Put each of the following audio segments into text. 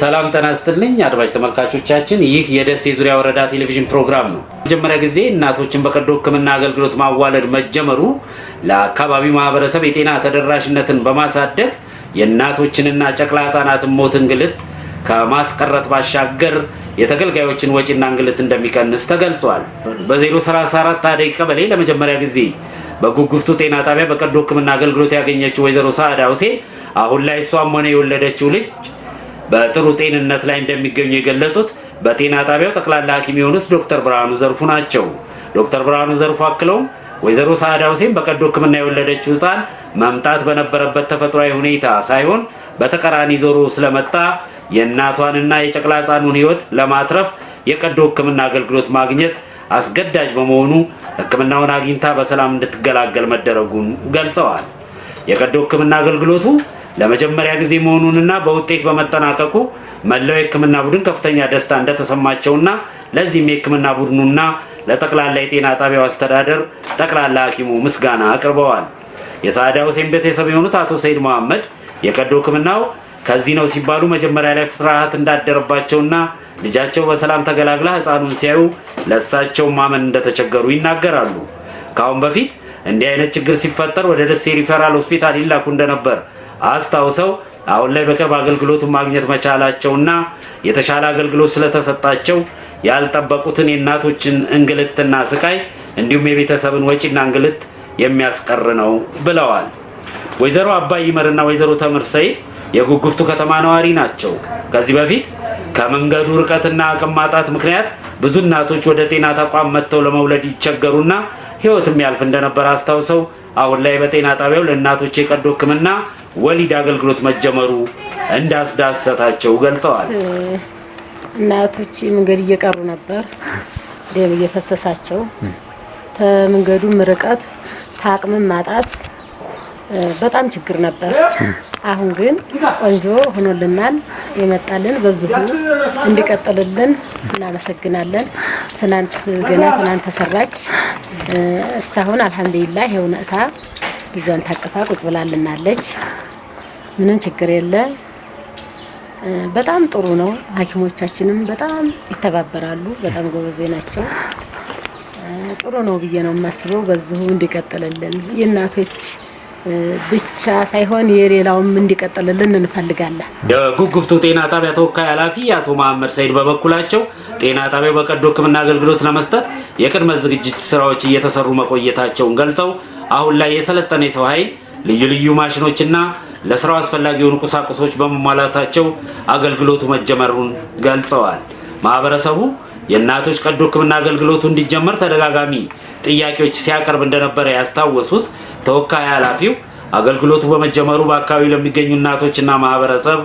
ሰላም ጤና ይስጥልኝ አድማጭ ተመልካቾቻችን፣ ይህ የደሴ ዙሪያ ወረዳ ቴሌቪዥን ፕሮግራም ነው። መጀመሪያ ጊዜ እናቶችን በቀዶ ሕክምና አገልግሎት ማዋለድ መጀመሩ ለአካባቢው ማህበረሰብ የጤና ተደራሽነትን በማሳደግ የእናቶችንና ጨቅላ ህጻናትን ሞት እንግልት ከማስቀረት ባሻገር የተገልጋዮችን ወጪና እንግልት እንደሚቀንስ ተገልጿል። በ034 አደይ ቀበሌ ለመጀመሪያ ጊዜ በጉጉፍቱ ጤና ጣቢያ በቀዶ ሕክምና አገልግሎት ያገኘችው ወይዘሮ ሳዕዳ ሁሴን አሁን ላይ እሷም ሆነ የወለደችው ልጅ በጥሩ ጤንነት ላይ እንደሚገኙ የገለጹት በጤና ጣቢያው ጠቅላላ ሐኪም የሆኑት ዶክተር ብርሃኑ ዘርፉ ናቸው። ዶክተር ብርሃኑ ዘርፉ አክለውም ወይዘሮ ሳዕዳ ሁሴን በቀዶ ሕክምና የወለደችው ህፃን መምጣት በነበረበት ተፈጥሯዊ ሁኔታ ሳይሆን በተቀራኒ ዞሮ ስለመጣ የእናቷንና የጨቅላ ህፃኑን ህይወት ለማትረፍ የቀዶ ሕክምና አገልግሎት ማግኘት አስገዳጅ በመሆኑ ሕክምናውን አግኝታ በሰላም እንድትገላገል መደረጉን ገልጸዋል። የቀዶ ሕክምና አገልግሎቱ ለመጀመሪያ ጊዜ መሆኑንና በውጤት በመጠናቀቁ መላው የህክምና ቡድን ከፍተኛ ደስታ እንደተሰማቸውና ለዚህም የህክምና ቡድኑና ለጠቅላላ የጤና ጣቢያው አስተዳደር ጠቅላላ ሐኪሙ ምስጋና አቅርበዋል። የሳዕዳ ሁሴን ቤተሰብ የሆኑት አቶ ሰይድ መሐመድ የቀዶ ህክምናው ከዚህ ነው ሲባሉ መጀመሪያ ላይ ፍርሃት እንዳደረባቸውና ልጃቸው በሰላም ተገላግላ ህፃኑን ሲያዩ ለእሳቸው ማመን እንደተቸገሩ ይናገራሉ። ከአሁን በፊት እንዲህ አይነት ችግር ሲፈጠር ወደ ደሴ ሪፈራል ሆስፒታል ይላኩ እንደነበር አስታውሰው አሁን ላይ በቅርብ አገልግሎቱን ማግኘት መቻላቸውና የተሻለ አገልግሎት ስለተሰጣቸው ያልጠበቁትን የእናቶችን እንግልትና ስቃይ እንዲሁም የቤተሰብን ወጪና እንግልት የሚያስቀር ነው ብለዋል። ወይዘሮ አባይ ይመርና ወይዘሮ ተምር ሰይድ የጉጉፍቱ ከተማ ነዋሪ ናቸው። ከዚህ በፊት ከመንገዱ ርቀትና አቅም ማጣት ምክንያት ብዙ እናቶች ወደ ጤና ተቋም መጥተው ለመውለድ ይቸገሩና ህይወት የሚያልፍ እንደነበር አስታውሰው አሁን ላይ በጤና ጣቢያው ለእናቶች የቀዶ ህክምና ወሊድ አገልግሎት መጀመሩ እንዳስዳሰታቸው ገልጸዋል። እናቶች መንገድ እየቀሩ ነበር፣ ደም እየፈሰሳቸው ከመንገዱም ርቀት ታቅምን ማጣት በጣም ችግር ነበር። አሁን ግን ቆንጆ ሆኖልናል። የመጣልን በዚሁ እንዲቀጥልልን እናመሰግናለን። ትናንት ገና ትናንት ተሰራች። እስካሁን አልሐምዱሊላ ይኸው ነእታ ልጇን ታቅፋ ቁጭ ብላልናለች። ምንም ችግር የለ። በጣም ጥሩ ነው። ሐኪሞቻችንም በጣም ይተባበራሉ። በጣም ጎበዜ ናቸው። ጥሩ ነው ብዬ ነው የማስበው። በዚሁ እንዲቀጥልልን የእናቶች ብቻ ሳይሆን የሌላውም እንዲቀጥልልን እንፈልጋለን። የጉጉፍቱ ጤና ጣቢያ ተወካይ ኃላፊ አቶ መሐመድ ሰይድ በበኩላቸው ጤና ጣቢያው በቀዶ ሕክምና አገልግሎት ለመስጠት የቅድመ ዝግጅት ስራዎች እየተሰሩ መቆየታቸውን ገልጸው አሁን ላይ የሰለጠነ የሰው ኃይል፣ ልዩ ልዩ ማሽኖችና ለስራው አስፈላጊ የሆኑ ቁሳቁሶች በመሟላታቸው አገልግሎቱ መጀመሩን ገልጸዋል። ማህበረሰቡ የእናቶች ቀዶ ሕክምና አገልግሎቱ እንዲጀመር ተደጋጋሚ ጥያቄዎች ሲያቀርብ እንደነበረ ያስታወሱት ተወካይ ኃላፊው አገልግሎቱ በመጀመሩ በአካባቢው ለሚገኙ እናቶችና ማህበረሰብ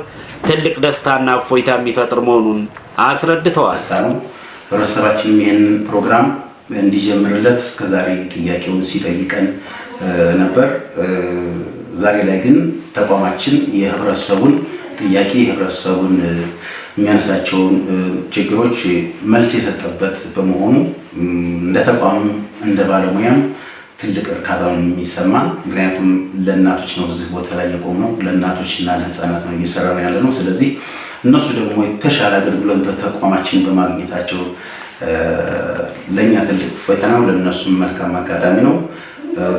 ትልቅ ደስታና እፎይታ የሚፈጥር መሆኑን አስረድተዋል። ህብረተሰባችንም ይህን ፕሮግራም እንዲጀምርለት እስከዛሬ ጥያቄውን ሲጠይቀን ነበር። ዛሬ ላይ ግን ተቋማችን የህብረተሰቡን ጥያቄ የህብረተሰቡን የሚያነሳቸውን ችግሮች መልስ የሰጠበት በመሆኑ እንደ ተቋም እንደ ባለሙያም ትልቅ እርካታ ነው የሚሰማ። ምክንያቱም ለእናቶች ነው እዚህ ቦታ ላይ የቆም ነው ለእናቶች እና ለህፃናት ነው እየሰራ ነው ያለ ነው። ስለዚህ እነሱ ደግሞ የተሻለ አገልግሎት በተቋማችን በማግኘታቸው ለእኛ ትልቅ እፎይታ ነው፣ ለእነሱም መልካም አጋጣሚ ነው።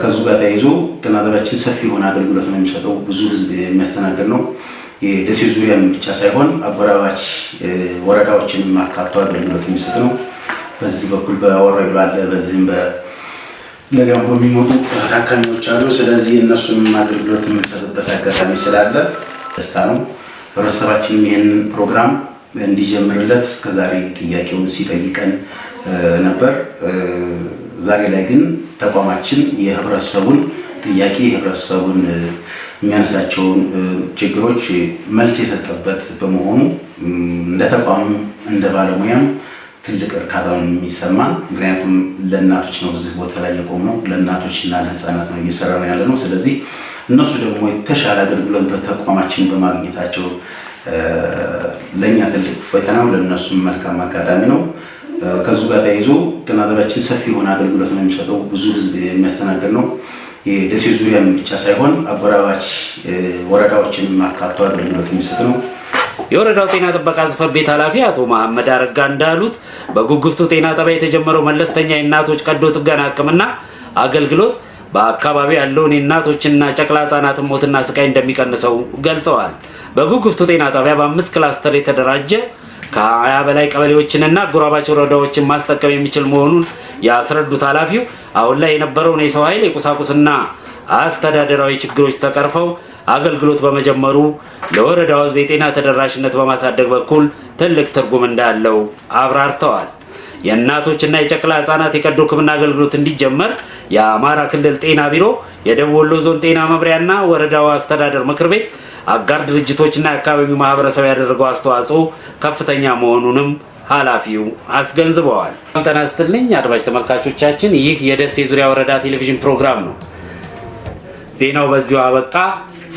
ከዙ ጋር ተያይዞ ጤና ጣቢያችን ሰፊ የሆነ አገልግሎት ነው የሚሰጠው። ብዙ ህዝብ የሚያስተናግድ ነው። የደሴ ዙሪያን ብቻ ሳይሆን አጎራባች ወረዳዎችን አካቶ አገልግሎት የሚሰጥ ነው። በዚህ በኩል በወረይሉ አለ፣ በዚህም በለጋምቦ የሚመጡ ታካሚዎች አሉ። ስለዚህ እነሱም አገልግሎት የምንሰጥበት አጋጣሚ ስላለ ደስታ ነው። ህብረተሰባችንም ይህንን ፕሮግራም እንዲጀምርለት እስከዛሬ ጥያቄውን ሲጠይቀን ነበር። ዛሬ ላይ ግን ተቋማችን የህብረተሰቡን ጥያቄ የህብረተሰቡን የሚያነሳቸውን ችግሮች መልስ የሰጠበት በመሆኑ እንደ ተቋም እንደ ባለሙያም ትልቅ እርካታ የሚሰማን። ምክንያቱም ለእናቶች ነው እዚህ ቦታ ላይ የቆም ነው ለእናቶች እና ለህፃናት ነው እየሰራ ነው ያለ ነው። ስለዚህ እነሱ ደግሞ የተሻለ አገልግሎት በተቋማችን በማግኘታቸው ለእኛ ትልቅ ፈተና ነው፣ ለእነሱም መልካም አጋጣሚ ነው። ከዙ ጋር ተያይዞ ጤና ጣቢያችን ሰፊ የሆነ አገልግሎት ነው የሚሰጠው። ብዙ ህዝብ የሚያስተናግድ ነው። የደሴ ዙሪያን ብቻ ሳይሆን አጎራባች ወረዳዎችን አካቶ አገልግሎት የሚሰጥ ነው። የወረዳው ጤና ጥበቃ ጽሕፈት ቤት ኃላፊ አቶ መሐመድ አረጋ እንዳሉት በጉጉፍቱ ጤና ጣቢያ የተጀመረው መለስተኛ የእናቶች ቀዶ ጥገና ሕክምና አገልግሎት በአካባቢ ያለውን የእናቶችና ጨቅላ ህጻናትን ሞትና ስቃይ እንደሚቀንሰው ገልጸዋል። በጉጉፍቱ ጤና ጣቢያ በአምስት ክላስተር የተደራጀ ከሀያ በላይ ቀበሌዎችንና አጎራባች ወረዳዎችን ማስጠቀም የሚችል መሆኑን ያስረዱት ኃላፊው አሁን ላይ የነበረውን የሰው ኃይል የቁሳቁስና አስተዳደራዊ ችግሮች ተቀርፈው አገልግሎት በመጀመሩ ለወረዳው ህዝብ የጤና ተደራሽነት በማሳደግ በኩል ትልቅ ትርጉም እንዳለው አብራርተዋል። የእናቶችና የጨቅላ ህጻናት የቀዶ ህክምና አገልግሎት እንዲጀመር የአማራ ክልል ጤና ቢሮ፣ የደቡብ ወሎ ዞን ጤና መምሪያና ወረዳው አስተዳደር ምክር ቤት አጋር ድርጅቶችና የአካባቢው ማህበረሰብ ያደረገው አስተዋጽኦ ከፍተኛ መሆኑንም ኃላፊው አስገንዝበዋል። ጤና ይስጥልኝ አድማጭ ተመልካቾቻችን፣ ይህ የደሴ ዙሪያ ወረዳ ቴሌቪዥን ፕሮግራም ነው። ዜናው በዚሁ አበቃ።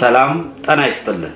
ሰላም ጤና ይስጥልን።